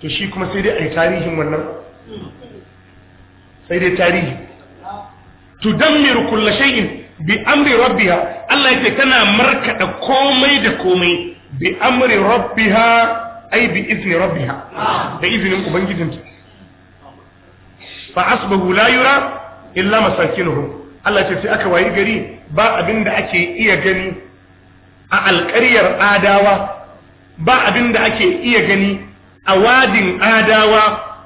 to shi kuma sai dai a yi tarihin wannan sai dai tarihi don kulla shay'in bi amri rabbiha Allah ya ce tana markada komai da komai bi amri rabbiha ai bi izini rabbiha da izinin ubangijinta fa asbahu la yura illa masakinuhum Allah ce sai aka wayi gari ba abin da ake iya gani a alƙaryar adawa ba abin da ake iya gani a wadin adawa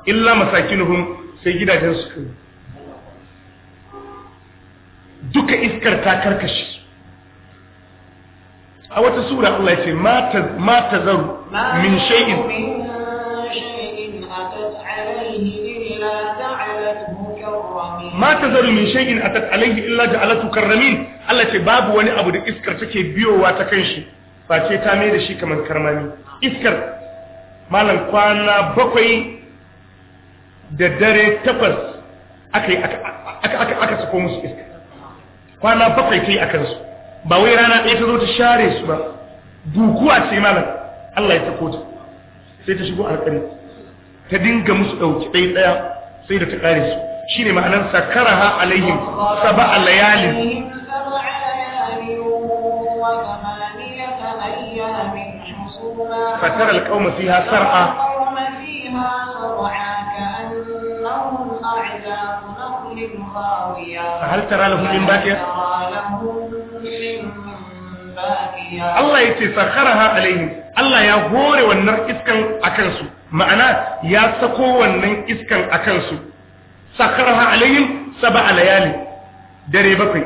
illa masakinuhum sai gidajen su kai duka iskar ta karkashi a wata sura Allah ya ce mata tazaru min shay'in ma zaru min shay'in atat alayhi illa ja'alatu karramin Allah ce babu wani abu da iskar take biyowa ta kan shi ce ta mai da shi kamar karmani iskar malam kwana bakwai da dare takwas aka aka aka sako musu iskar kwana bakwai kai akan su ba wai rana ɗaya ta zo ta share su ba dukuwa ce malam Allah ya tako ta sai ta shigo alƙari ta dinga musu ɗauki ɗaya ɗaya sai da ta ƙare su shine ma'anar sakaraha alaihim sab'a layali فترى القوم فيها سرعا فهل ترى لهم من باكية Allah ya ce sakaraha alaihim Allah ya hore wannan iskan akansu ma'ana ya sako wannan iskan akansu sakharaha alayhim sab'a layali dare bakwai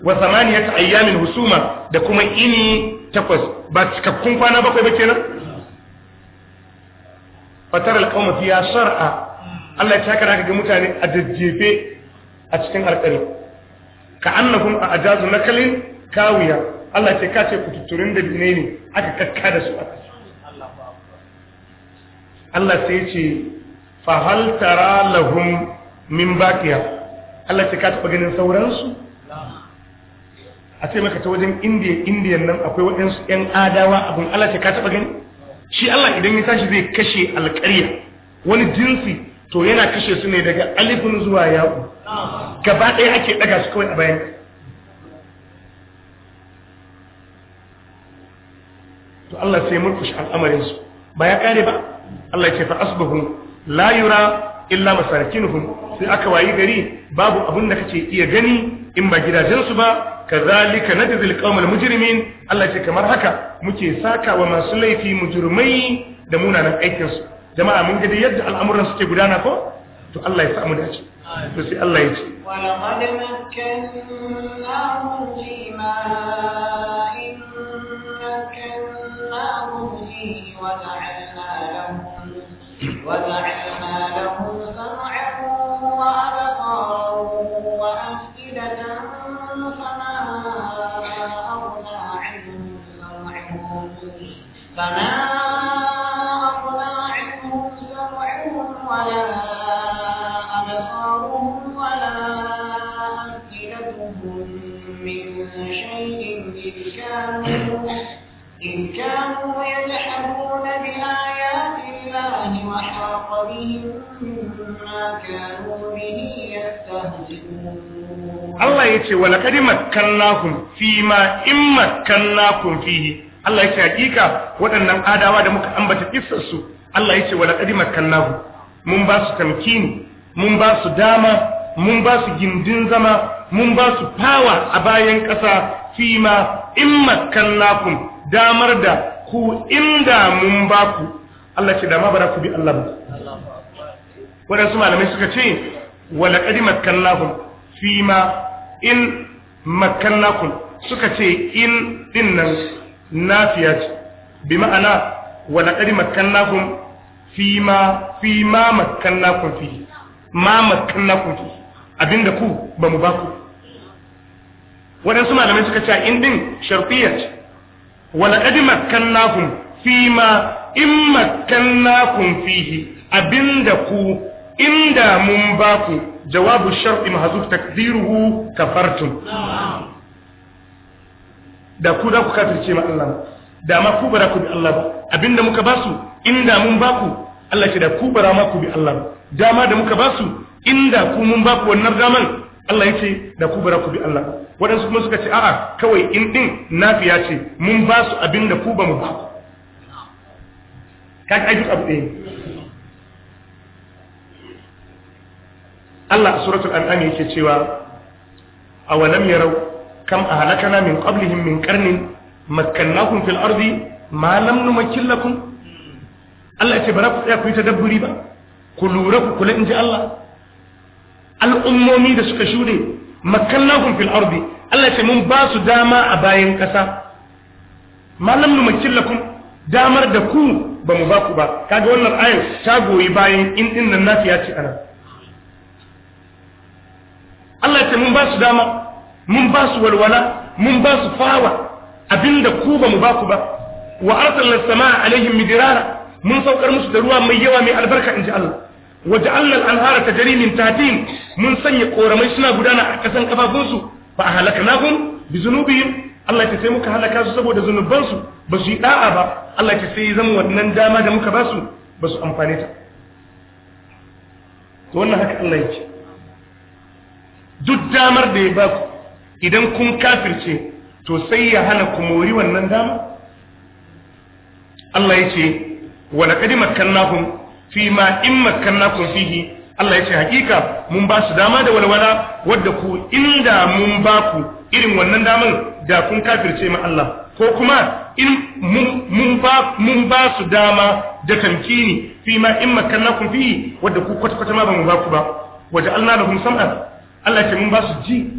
wa ta ayyamin husuma da kuma ini takwas ba cikakkun kwana bakwai ba kenan fatar alqawma fiya shar'a Allah ya kana ga mutane a dajjefe a cikin alƙari ka annahum a ajazu nakalin kawiya Allah ce ka ce kututturin da bine ne aka kakka da su a ƙasa Allah sai ce fa hal tara lahum min baqiya Allah ce ka taɓa ganin sauransu a ce maka ta wajen indiya indiyan nan akwai waɗansu yan adawa abun Allah ce ka taɓa gani shi Allah idan ya tashi zai kashe alƙarya wani jinsi to yana kashe su ne daga alifin zuwa yaƙu gaba ɗaya ake ɗaga su kawai a bayan to Allah sai murkushe su ba ya kare ba Allah ce fa asbahum la yura illa masarakinuhum sai aka wayi gari babu abin da kace iya gani in ba gidajensu ba kazalika najzil qaumal mujrimin Allah ce kamar haka muke saka wa masu laifi mujrimai da munanan aikin su jama'a mun ga yadda al'amuran suke gudana ko to Allah ya samu dace to sai Allah ya ce wala fi ma'in fi wa ta'alna lahum وأبقارا وأفئدة فما أغنى عنهم موعظهم فما yace wa laqad fi ma in makkannakum fihi Allah yace hakika waɗannan adawa da muka ambata kissar su Allah yace wa laqad makkannakum mun ba su tamkini mun ba su dama mun ba su gindin zama mun ba su fawa a bayan ƙasa ma in makkannakum damar da ku inda mun ba ku Allah ce dama ba ku bi Allah ba waɗansu malamai suka ce wa laqad fi ma. in makannakun suka ce in din nan nafiya ce bi ma'ana wa laqad makkannakum fi ma fi ma makkannakum fi ma makkannakum fi abinda ku ba mu ba ku waɗansu malamai suka ce in din sharfiyya ce wa laqad makkannakum fi ma in makkannakum fi abinda ku inda mun ba ku jawabu shar'i mahzuf takdiruhu kafartum da ku da ku kafirce ma Allah da ma ku bara ku bi Allah ba abinda muka basu inda mun baku Allah ce da ku bara ma ku bi Allah ba dama da muka basu inda ku mun ku wannan daman Allah yace da ku bara ku bi Allah waɗansu kuma suka ce a'a kawai in din nafiya ce mun ba su abinda ku ba mu ba. kaga ai duk abu ɗaya Allah a suratul an'am yake cewa awalam yarau kam ahlakana min qablihim min qarnin makkannahum fil ardi ma lam numakkin lakum Allah ce ba za ku tsaya ku yi tadabburi ba ku lura ku kula in ji Allah al'ummomi da suka shuɗe makannahum fil ardi Allah ce mun ba su dama a bayan ƙasa malam numakin lakum damar da ku ba mu ba ku ba kaga wannan ayar ta goyi bayan in din nan nafi ya ce ana Allah ya ce mun ba su dama mun ba su walwala mun ba su fawa abinda ku ba mu ba ku ba wa arsalna samaa alaihim midrara mun saukar musu da ruwa mai yawa mai albarka inji Allah wa ja'alna al-anhara tajri min tahtihim mun sanya koramai suna gudana a kasan kafafunsu fa ahlaknahum bi dhunubihim Allah ya sai muka halaka su saboda zunubansu ba su yi da'a ba Allah ya sai zama wannan dama da muka ba su ba su amfane ta to wannan haka Allah yake duk damar da ya ba ku idan kun kafirce to sai ya hana ku mori wannan dama Allah ya ce wa laqad makkannahum fi ma in makkannakum fihi Allah ya ce hakika mun ba su dama da walwala wadda ku inda mun ba ku irin wannan daman da kun kafirce ma Allah ko kuma in mun ba mun ba su dama da tamkini fi ma in makannakum fihi wadda ku kwata kwata ma ba mu ba ku ba waje Allah lahum sam'an Allah ce mun ba su ji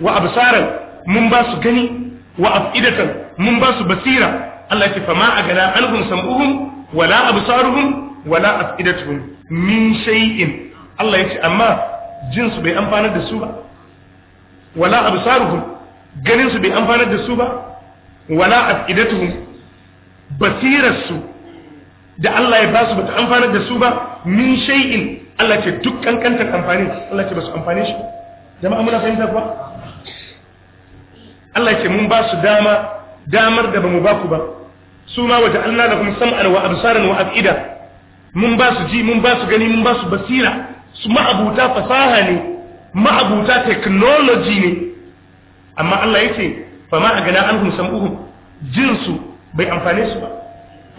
wa absaran mun ba su gani wa afidatan mun ba su basira Allah ce fa fama agala alhum sam'uhum wala absaruhum wala afidatuhum min shay'in Allah ya ce amma jin su bai amfana da su ba wala absaruhum ganin su bai amfana da su ba wala afidatuhum basirar su da Allah ya ba su bata amfana da su ba min shay'in Allah ce duk kankantar amfani Allah ce ba su amfani shi jama'a muna fahimta kuwa Allah ce mun ba su dama damar da ba mu ba ku ba su ma waje Allah da kuma sam'ar wa absaran wa af'ida mun ba su ji mun ba su gani mun ba su basira su ma'abuta fasaha ne ma'abuta technology ne amma Allah yake fa ma agana anhum sam'uhu jinsu bai amfane su ba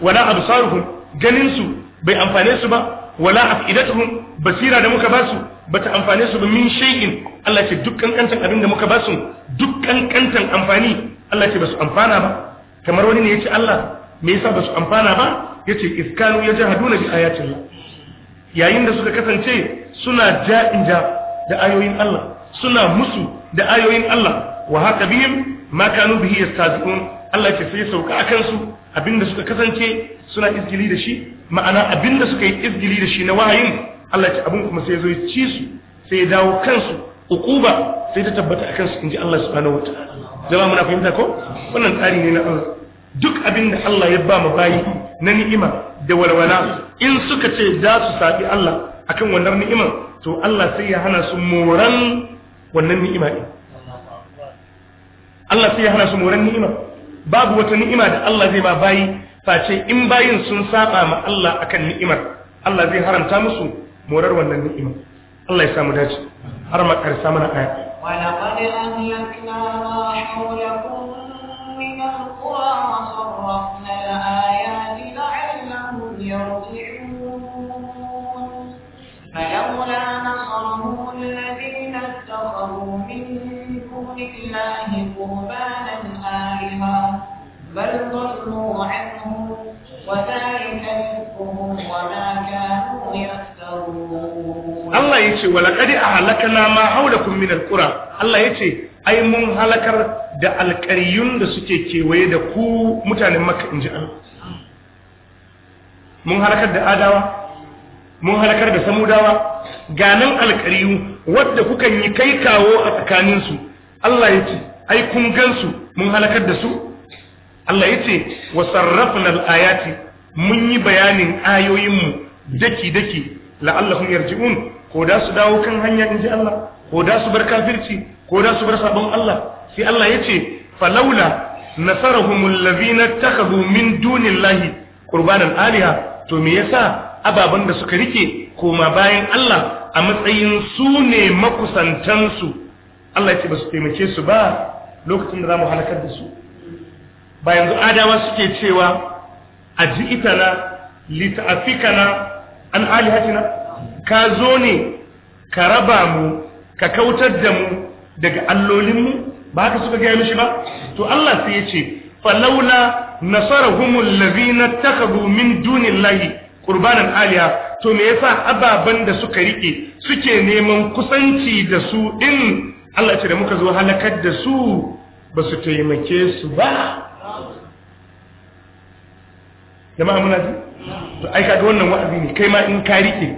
wala absaruhum ganin su bai amfane su ba wala afidatuhum basira da muka basu bata amfane su ba min shay'in Allah ce dukkan kantan abin da muka basu duk kantan amfani Allah ce basu amfana ba kamar wani ne yace Allah me yasa basu amfana ba yace iskanu yajhaduna bi ayatillah yayin da suka kasance suna ja da ayoyin Allah suna musu da ayoyin Allah wa haka bihim ma kanu bihi yastazun Allah ce sai sauka akan su abinda suka kasance suna izgili da shi ma'ana abinda suka yi izgili da shi na wahayin Allah ya ce abin kuma sai zo ya ci su sai ya dawo kansu uquba sai ta tabbata a akan su inji Allah subhanahu wataala jama'a muna fahimta ko wannan tsari ne na Allah duk abinda Allah ya ba mu bayi na ni'ima da walwala in suka ce za su saɓi Allah akan wannan ni'imar to Allah sai ya hana su moran wannan ni'ima din Allah sai ya hana su moran ni'ima babu wata ni'ima da Allah zai ba bayi face in bayin sun saba ma Allah akan ni'imar Allah zai haramta musu morar wannan ni'ima Allah ya samu dace har ma karsa mana aya ولقد أهلكنا ما حولكم من القرى وصرفنا الآيات لعلهم يرجعون فلولا نصرهم الذين اتخذوا من دون الله قربانا آلهة بل ضلوا عنه Allah ya ce walaƙari a halaka na ma kun minar alƙura Allah ya ce ai mun halakar da alƙaryun da suke kewaye da ku mutanen maka in ji an? mun halakar da adawa mun halakar da samudawa ganin alƙaryu wadda kukan yi kai kawo a tsakaninsu Allah ya ce ai kun gansu mun halakar da su Allah ya ce wa sarrafna ayati mun yi bayanin ayoyinmu daki daki la'allahum yarji'un ko da su dawo kan hanya inji Allah ko da su bar kafirci ko da su bar sabon Allah sai Allah ya ce falaula nasarahumul na takhadhu min lahi qurbanan Aliyah, to me yasa ababan da suka rike koma bayan Allah a matsayin su ne makusantansu Allah ya ce ba su taimake su ba lokacin da za mu halakar da su ba yanzu adawa suke cewa a ji itana na an alihatina ka zo ne ka raba mu ka kautar da mu daga allolinmu ba haka suka gaya mishi ba to Allah sai ya ce falaula nasarahumul ladhina takabu min dunillahi qurbanan aliya to me yasa ababan da suka rike suke neman kusanci da su din Allah ce da muka zo halakar da su ba su taimake su ba jama'a muna ji to ai kaga wannan wa'azi ne kai ma in ka rike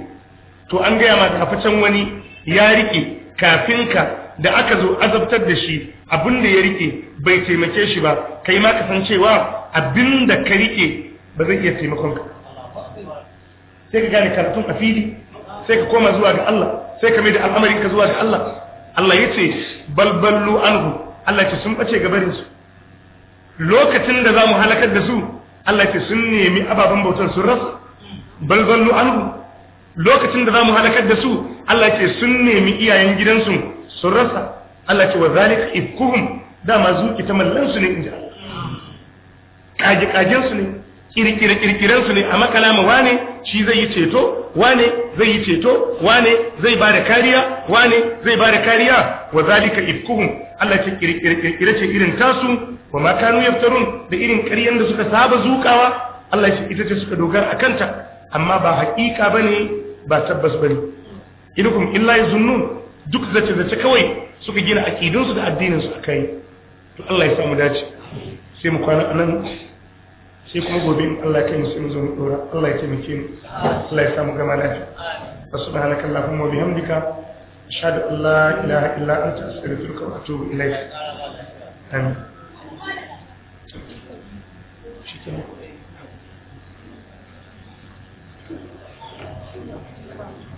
to an gaya ma kafacen wani ya rike kafin ka da aka zo azabtar da shi abin da ya rike bai taimake shi ba kai ma ka san cewa abin da ka rike ba zai iya taimakon ka sai ka gane karatun a fili sai ka koma zuwa ga Allah sai ka mai da al'amarin ka zuwa ga Allah Allah ya ce balballu anhu Allah ce sun bace gabarin su lokacin da za mu halakar da su Allah ce sun nemi ababen bautar sun rasa bal zallu lokacin da zamu halakar da su Allah ce sun nemi iyayen gidansu sun rasa Allah ce wa zalika ibkuhum dama zuki ta mallansu ne inji Allah kaji kajin ne kirkire-kirkiren su ne a makalama wane shi zai yi ceto wane zai yi ceto wane zai ba da kariya wane zai ba da kariya wa zalika ifkuhum Allah ce kirkire ce irin tasu wa ma kanu yaftarun da irin ƙaryan da suka saba zukawa Allah ce ita ce suka dogara a kanta amma ba haƙiƙa bane ba tabbas bane inukum illa yazunnun duk zace zace kawai suka gina aqidunsu da addinin su kai to Allah ya samu dace sai mu kwana nan. sai kuma gobe Allah ya kai mu sun zo mu dora Allah ya taimake mu Allah ya samu gama lafiya wa subhanaka allahumma wa bihamdika ashhadu an la ilaha illa anta astaghfiruka wa atubu ilayk amin shikenan